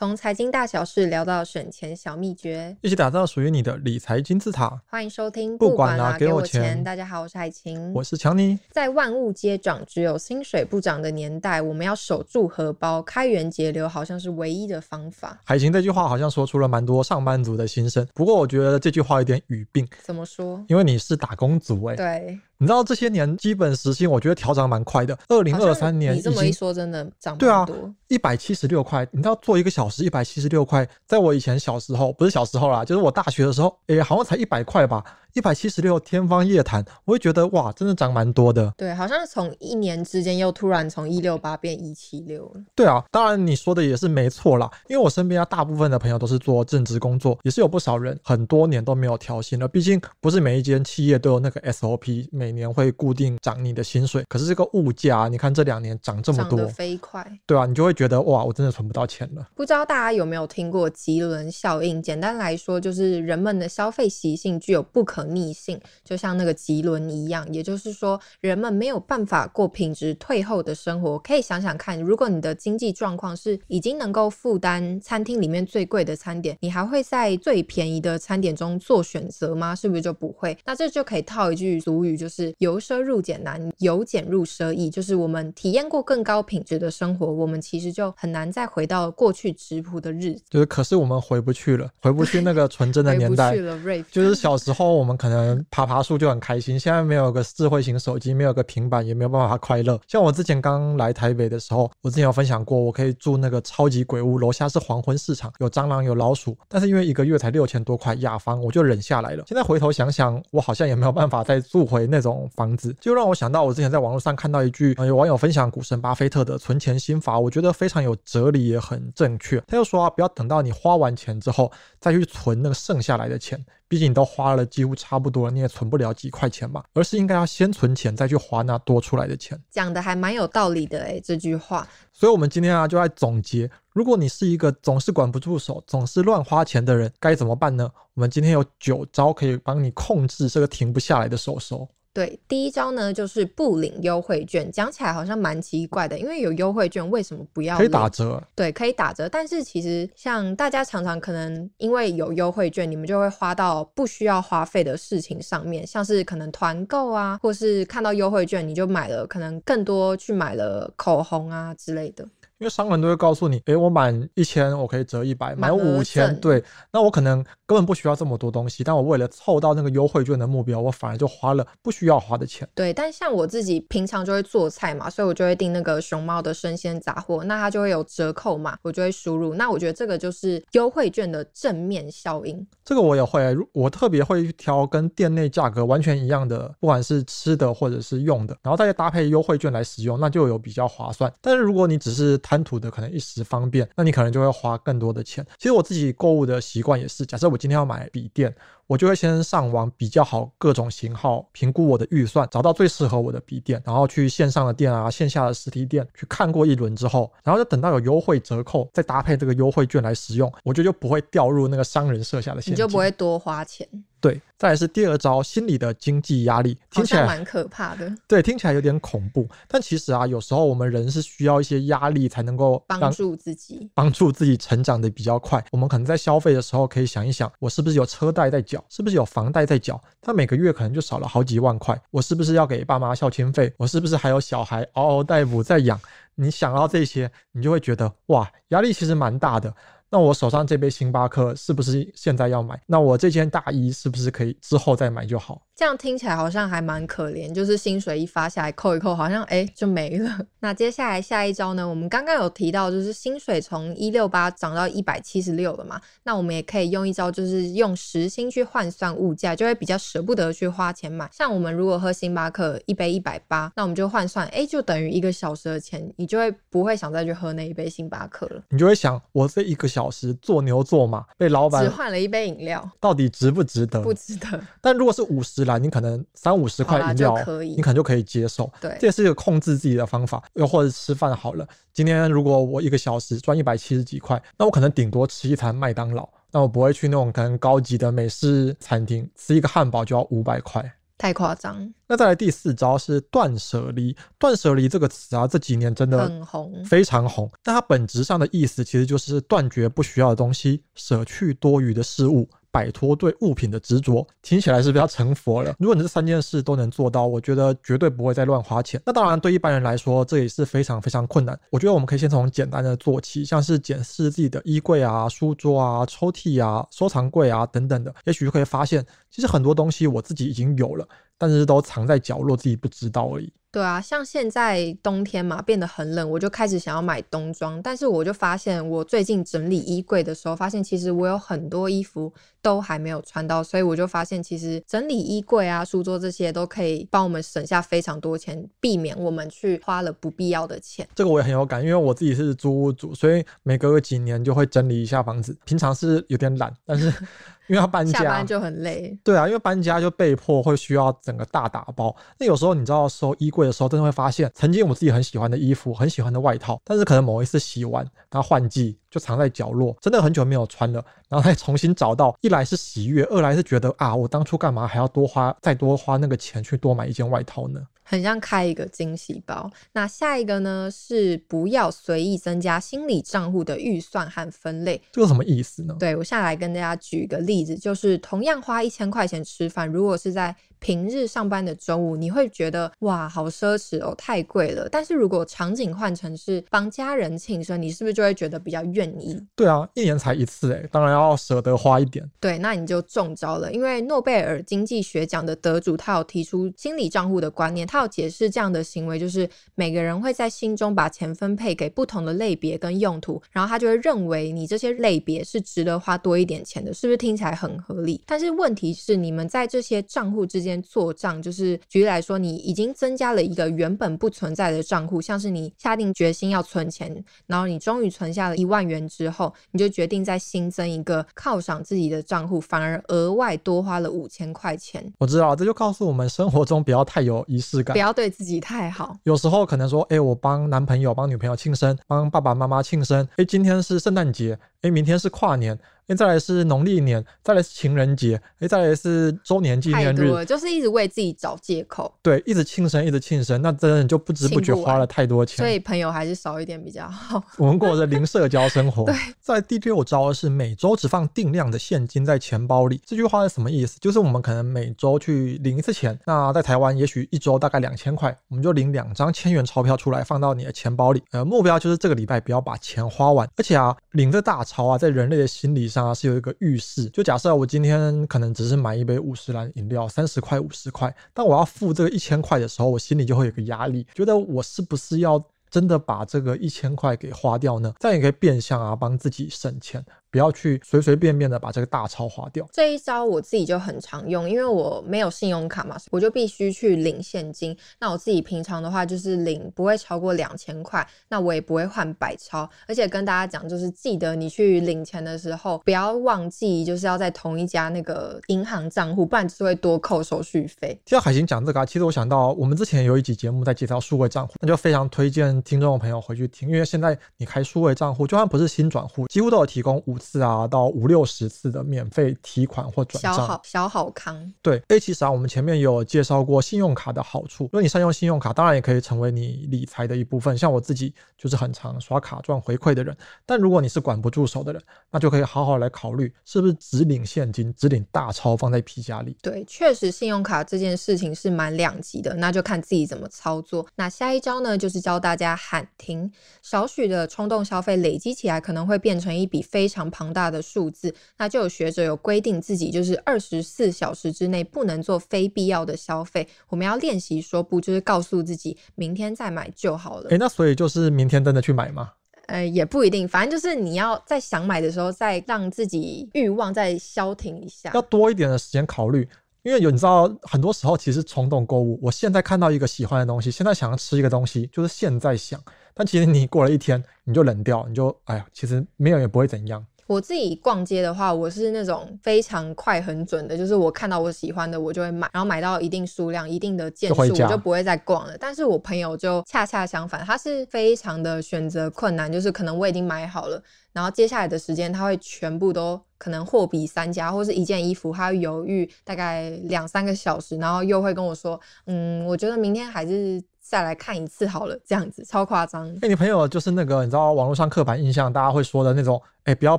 從財經大小事聊到省錢小秘訣，一起打造屬於你的理財金字塔。歡迎收聽，不管拿、啊啊、給我錢、錢。大家好，我是海晴，我是強尼。在萬物皆漲，只有薪水不漲的年代，我們要守住荷包，開源節流，好像是唯一的方法。海晴這句話好像說出了蠻多上班族的心聲。不過我覺得這句話有點語病。怎麼說？因為你是打工族、欸，對。你知道這些年基本時薪，我覺得調整蠻快的。二零二三年已經。你這麼一說，真的漲很多。對啊，一百七十六塊。你知道做一個小時一百七十六塊，在我以前小時候，不是小時候啦，就是我大學的時候，哎、欸，好像才一百塊吧。一百七十六，天方夜譚。我會覺得哇，真的漲蠻多的。對，好像從一年之間又突然從一六八變一七六了。對啊，當然你說的也是沒錯啦，因為我身邊啊，大部分的朋友都是做正職工作，也是有不少人很多年都沒有調薪了。畢竟不是每一間企業都有那個 SOP，每年會固定漲你的薪水。可是這個物價啊，你看這兩年漲這麼多，漲得飛快。對啊，你就會覺得哇，我真的存不到錢了。不知道大家有沒有聽過“棘輪效應”？簡單來說，就是人們的消費習性具有不可。逆性，就像那個棘輪一樣，也就是說，人們沒有辦法過品質退後的生活。可以想想看，如果你的經濟狀況是已經能夠負擔餐廳裡面最貴的餐點，你還會在最便宜的餐點中做選擇嗎？是不是就不會？那這就可以套一句俗語，就是“由奢入儉難，由儉入奢易”。就是我們體驗過更高品質的生活，我們其實就很難再回到過去質樸的日子。就是可是我們回不去了，回不去那個純真的年代 回不去了、Riff。就是小時候我們。 可能爬爬樹就很開心。現在沒有個智慧型手機，沒有個平板，也沒有辦法快樂。像我之前剛來台北的時候，我之前有分享過，我可以住那個超級鬼屋，樓下是黃昏市場，有蟑螂，有老鼠。但是因為一個月才六千多塊，雅房，我就忍下來了。現在回頭想想，我好像也沒有辦法再住回那種房子，就讓我想到我之前在網絡上看到一句，有網友分享股神巴菲特的存錢心法，我覺得非常有哲理，也很正確。他就說啊，不要等到你花完錢之後再去存那個剩下來的錢。畢竟你都花了幾乎差不多了，你也存不了幾塊錢嘛，而是應該要先存錢，再去花那多出來的錢。講的還蠻有道理的哎、欸，這句話。所以，我們今天啊就來總結，如果你是一個總是管不住手、總是亂花錢的人，該怎麼辦呢？我們今天有九招可以幫你控制這個停不下來的手手。對，第一招呢就是不領優惠券，講起來好像蠻奇怪的，因為有優惠券，為什麼不要？可以打折。對，可以打折。但是其實像大家常常可能因為有優惠券，你們就會花到不需要花費的事情上面，像是可能團購啊，或是看到優惠券你就買了，可能更多去買了口紅啊之類的。因為商人都會告訴你，誒、欸，我滿一千我可以折一百，滿五千。對，那我可能根本不需要這麼多東西，但我為了湊到那個優惠券的目標，我反而就花了不需要花的錢。對，但像我自己平常就會做菜嘛，所以我就會訂那個熊貓的生鮮雜貨，那它就會有折扣嘛，我就會輸入。那我覺得這個就是優惠券的正面效應。這個我也會，我特別會挑跟店內價格完全一樣的，不管是吃的或者是用的，然後再搭配優惠券來使用，那就有比較划算。但是如果你只是貪圖的可能一時方便，那你可能就會花更多的錢。其實我自己購物的習慣也是，假設我今天要買筆電。我就會先上網比較好各種型號，評估我的預算，找到最適合我的筆電，然後去線上的店啊、線下的實體店去看過一輪之後，然後就等到有優惠折扣，再搭配這個優惠券來使用。我覺得就不會掉入那個商人設下的陷阱，你就不會多花錢。對，再來是第二招，心理的經濟壓力，聽起來蠻可怕的。對，聽起來有點恐怖，但其實啊，有時候我們人是需要一些壓力才能夠幫助自己，幫助自己成長的比較快。我們可能在消費的時候，可以想一想，我是不是有車貸在繳。是不是有房貸在繳？他每個月可能就少了好幾萬塊。我是不是要給爸媽孝親費？我是不是還有小孩嗷嗷待哺在養？你想到這些，你就會覺得哇，壓力其實蠻大的。那我手上這杯星巴克是不是現在要買？那我這件大衣是不是可以之後再買就好？這樣聽起來好像還蠻可憐，就是薪水一發下來扣一扣，好像哎，就沒了。那接下來下一招呢？我們剛剛有提到，就是薪水從一六八漲到一百七十六了嘛，那我們也可以用一招，就是用時薪去換算物價，就會比較舍不得去花錢買。像我們如果喝星巴克一杯一百八，那我們就換算，哎，就等於一個小時的錢，你就會不會想再去喝那一杯星巴克了？你就會想，我這一個小。小時做牛做馬，被老闆只換了一杯飲料，到底值不值得？不值得。但如果是50嵐，你可能三五十塊飲料、啊、可以，你可能就可以接受。對，這也是一個控制自己的方法。又或者吃飯好了，今天如果我一個小時賺一百七十幾塊，那我可能頂多吃一餐麥當勞，那我不會去那種可能高級的美式餐廳吃一個漢堡就要五百塊。太誇張。那再來第四招是斷捨離。斷捨離這個詞啊，這幾年真的很紅，非常紅。但它本質上的意思其實就是斷絕不需要的東西，捨去多餘的事物，擺脫對物品的執着。聽起來是比較成佛了。如果你這三件事都能做到，我覺得絕對不會再亂花錢。那當然，對一般人來說，這也是非常非常困難。我覺得我們可以先從簡單的做起，像是檢視自己的衣櫃啊、書桌啊、抽屜啊、收藏櫃啊等等的，也許就可以發現。其實很多東西我自己已經有了，但是都藏在角落，自己不知道而已。對啊，像現在冬天嘛，變得很冷，我就開始想要買冬裝。但是我就發現，我最近整理衣櫃的時候，發現其實我有很多衣服都還沒有穿到，所以我就發現，其實整理衣櫃啊、書桌這些都可以幫我們省下非常多錢，避免我們去花了不必要的錢。這個我也很有感，因為我自己是租屋主，所以每隔個幾年就會整理一下房子。平常是有點懶，但是。 因為他搬家，就很累。對啊，因為搬家就被迫會需要整個大打包。那有時候你知道收衣櫃的時候，真的會發現曾經我自己很喜歡的衣服、很喜歡的外套，但是可能某一次洗完，然後換季就藏在角落，真的很久沒有穿了。然後再重新找到，一來是喜悅，二來是覺得啊，我當初幹嘛還要多花，再多花那個錢去多買一件外套呢？很像開一個驚喜包。那下一個呢？是不要隨意增加心理賬戶的預算和分類。這有什麼意思呢？對，我現在來跟大家舉一個例子，就是同樣花一千塊錢吃飯，如果是在平日上班的中午，你會覺得哇，好奢侈哦，太貴了。但是如果場景換成是幫家人慶生，你是不是就會覺得比較願意？對啊，一年才一次哎，當然要捨得花一點。對，那你就中招了，因為諾貝爾經濟學獎的得主他有提出心理賬戶的觀念，他。要解釋這樣的行為，就是每個人會在心中把錢分配給不同的類別跟用途，然後他就會認為你這些類別是值得花多一點錢的，是不是聽起來很合理？但是問題是，你們在這些賬戶之間做賬，就是舉例來說，你已經增加了一個原本不存在的賬戶，像是你下定決心要存錢，然後你終於存下了一萬元之後，你就決定再新增一個犒賞自己的賬戶，反而額外多花了五千塊錢。我知道，這就告訴我們生活中不要太有儀式感。不要對自己太好。有時候可能說，哎、欸，我幫男朋友、幫女朋友慶生，幫爸爸媽媽慶生。哎、欸，今天是聖誕節。哎、欸，明天是跨年，哎、欸，再來是農曆年，再來是情人節，哎、欸，再來是周年紀念日，我就是一直為自己找借口，對，一直慶生，一直慶生，那真的就不知不覺花了太多錢，所以朋友還是少一點比較好。 我們過着零社交生活， 對。在第六招是每周只放定量的現金在錢包裡，這句話是什麼意思？就是我們可能每周去領一次錢，那在台灣也許一周大概兩千塊，我們就領兩張千元鈔票出來放到你的錢包裡，呃，目標就是這個禮拜不要把錢花完，而且啊，領著大。超啊，在人類的心理上啊，是有一個預示。就假設我今天可能只是買一杯五十嵐飲料，三十塊、五十塊，但我要付這個一千塊的時候，我心裡就會有個壓力，覺得我是不是要真的把這個一千塊給花掉呢？這樣也可以變相啊，幫自己省錢。不要去隨隨便便的把這個大鈔花掉。這一招我自己就很常用，因為我沒有信用卡嘛，我就必須去領現金。那我自己平常的話就是領不會超過兩千塊，那我也不會換百鈔。而且跟大家講，就是記得你去領錢的時候，不要忘記，就是要在同一家那個銀行賬戶，不然只是會多扣手續費。聽到海晴講這個啊，其實我想到我們之前有一集節目在介紹數位賬戶，那就非常推薦聽眾朋友回去聽，因為現在你開數位賬戶，就算不是新轉戶，幾乎都有提供五次啊，到五六十次的免費提款或轉賬，小好小好康。對，欸，其實啊，A7R，我們前面有介紹過信用卡的好處。如果你善用信用卡，當然也可以成為你理財的一部分。像我自己就是很常刷卡賺回饋的人。但如果你是管不住手的人，那就可以好好來考慮，是不是只領現金，只領大鈔放在皮夾裡？對，確實信用卡這件事情是蠻兩極的，那就看自己怎麼操作。那下一招呢，就是教大家喊停，少許的衝動消費累積起來，可能會變成一筆非常。龐大的數字，那就有學者有規定自己就是二十四小時之內不能做非必要的消費。我們要練習說不，就是告訴自己明天再買就好了。誒，那所以就是明天真的去買嗎？呃，也不一定，反正就是你要在想買的時候，再讓自己欲望再消停一下，要多一點的時間考慮。因為有你知道，很多時候其實衝動購物。我現在看到一個喜歡的東西，現在想要吃一個東西，就是現在想，但其實你過了一天，你就冷掉，你就哎呀，其實沒有也不會怎樣。我自己逛街的話，我是那種非常快很準的，就是我看到我喜歡的，我就會買，然後買到一定數量、一定的件數，我就不會再逛了。但是我朋友就恰恰相反，他是非常的選擇困難，就是可能我已經買好了，然後接下來的時間他會全部都可能貨比三家，或是一件衣服，他會猶豫大概兩三個小時，然後又會跟我說，嗯，我覺得明天還是再來看一次好了，這樣子超誇張。哎、欸，你朋友就是那個你知道網絡上刻板印象，大家會說的那種，哎、欸，不要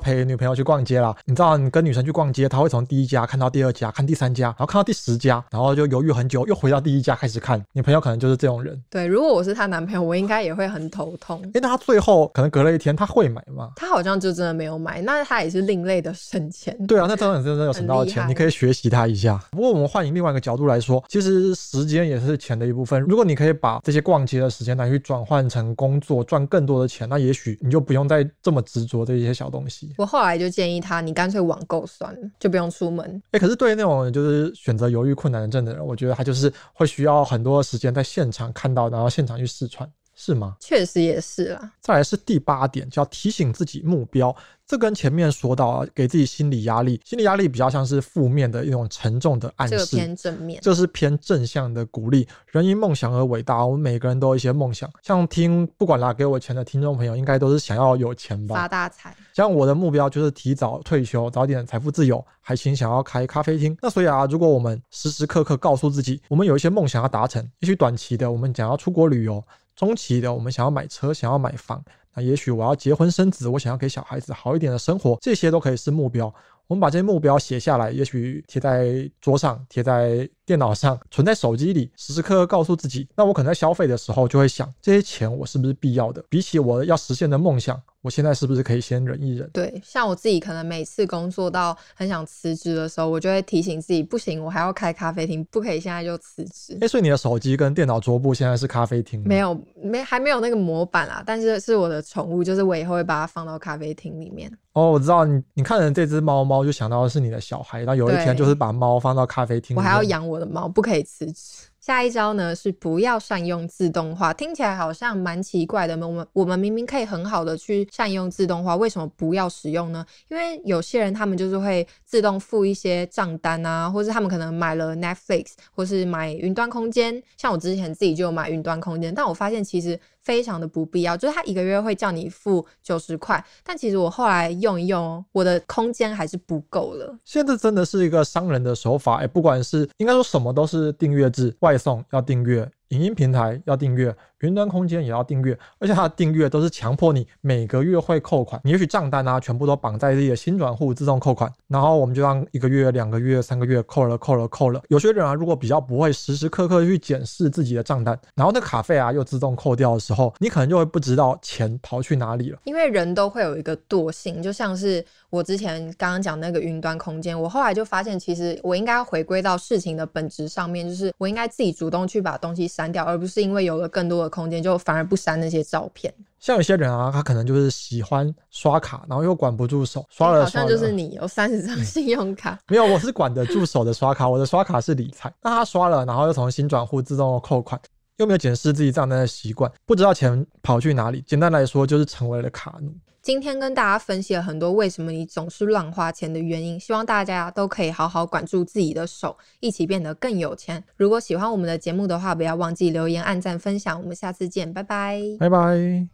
陪女朋友去逛街啦。你知道，你跟女生去逛街，她會從第一家看到第二家，看第三家，然後看到第十家，然後就猶豫很久，又回到第一家開始看。你朋友可能就是這種人。對，如果我是她男朋友，我應該也會很頭痛。哎、欸，那她最後可能隔了一天，她會買嗎？她好像就真的沒有買。那她也是另類的省錢。對啊，那這樣真的有省到的錢很厲害，你可以學習她一下。不過我們換另外一個角度來說，其實時間也是錢的一部分。如果你可以把這些逛街的時間來去轉換成工作，賺更多的錢，那也許你就不用再這麼執着這些小東西。我後來就建議他，你乾脆網購算了，就不用出門。哎、欸，可是對於那種就是選擇猶豫困難症的人，我覺得他就是會需要很多時間在現場看到，然後現場去試穿。是嗎？確實也是啊。再來是第八點，就要提醒自己目標。這跟前面說到啊，給自己心理壓力，心理壓力比較像是負面的一種沉重的暗示。這個，偏正面，這是偏正向的鼓勵。人因夢想而偉大，我們每個人都有一些夢想。像聽不管啦，給我錢的聽眾朋友，應該都是想要有錢吧，發大財。像我的目標就是提早退休，早點財富自由，還請想要開咖啡廳。那所以啊，如果我們時時刻刻告訴自己，我們有一些夢想要達成，也許短期的，我們想要出國旅遊。中期的，我們想要買車，想要買房，那也許我要結婚生子，我想要給小孩子好一點的生活，這些都可以是目標。我們把這些目標寫下來，也許貼在桌上，貼在電腦上，存在手機裡，時時刻刻告訴自己。那我可能在消費的時候就會想，這些錢我是不是必要的？比起我要實現的夢想，我現在是不是可以先忍一忍？對，像我自己可能每次工作到很想辭職的時候，我就會提醒自己，不行，我還要開咖啡廳，不可以現在就辭職。欸，所以你的手機跟電腦桌布現在是咖啡廳嗎？沒有，沒還沒有那個模板啦，啊，但是是我的寵物，就是我以後會把它放到咖啡廳裡面。哦，我知道你，你看人這隻貓貓，就想到的是你的小孩。然後有一天就是把貓放到咖啡廳，我還要養我毛不可以辭職。下一招呢，是不要善用自動化，聽起來好像蠻奇怪的。我們我們明明可以很好的去善用自動化，為什麼不要使用呢？因為有些人他們就是會自動付一些賬單啊，或是他們可能買了 Netflix，或是買雲端空間。像我之前自己就有買雲端空間，但我發現其實非常的不必要，就是他一個月會叫你付九十塊，但其實我後來用一用，我的空間還是不夠了。現在真的是一個商人的手法，哎、欸，不管是應該說什麼都是訂閱制，外送要訂閱。影音平台要訂閱，雲端空間也要訂閱，而且它的訂閱都是強迫你每個月會扣款，你也許賬單啊全部都綁在自己的薪轉戶自動扣款，然後我們就讓一個月、兩個月、三個月扣了、扣了、扣了。有些人啊，如果比較不會時時刻刻去檢視自己的賬單，然後那卡費啊又自動扣掉的時候，你可能就會不知道錢跑去哪裡了。因為人都會有一個惰性，就像是我之前剛剛講那個雲端空間，我後來就發現，其實我應該要回歸到事情的本質上面，就是我應該自己主動去把東西刪。刪掉，而不是因為有了更多的空間，就反而不刪那些照片。像有些人啊，他可能就是喜歡刷卡，然後又管不住手，刷了，刷了。好像就是你有三十張信用卡， 沒有，我是管得住手的刷卡， 我的刷卡是理財。那他刷了，然後又重新轉戶自動扣款。又沒有檢視自己賬單的習慣，不知道錢跑去哪裡。簡單來說，就是成為了卡奴。今天跟大家分析了很多為什麼你總是亂花錢的原因，希望大家都可以好好管住自己的手，一起變得更有錢。如果喜歡我們的節目的話，不要忘記留言、按讚、分享。我們下次見，拜拜，拜拜。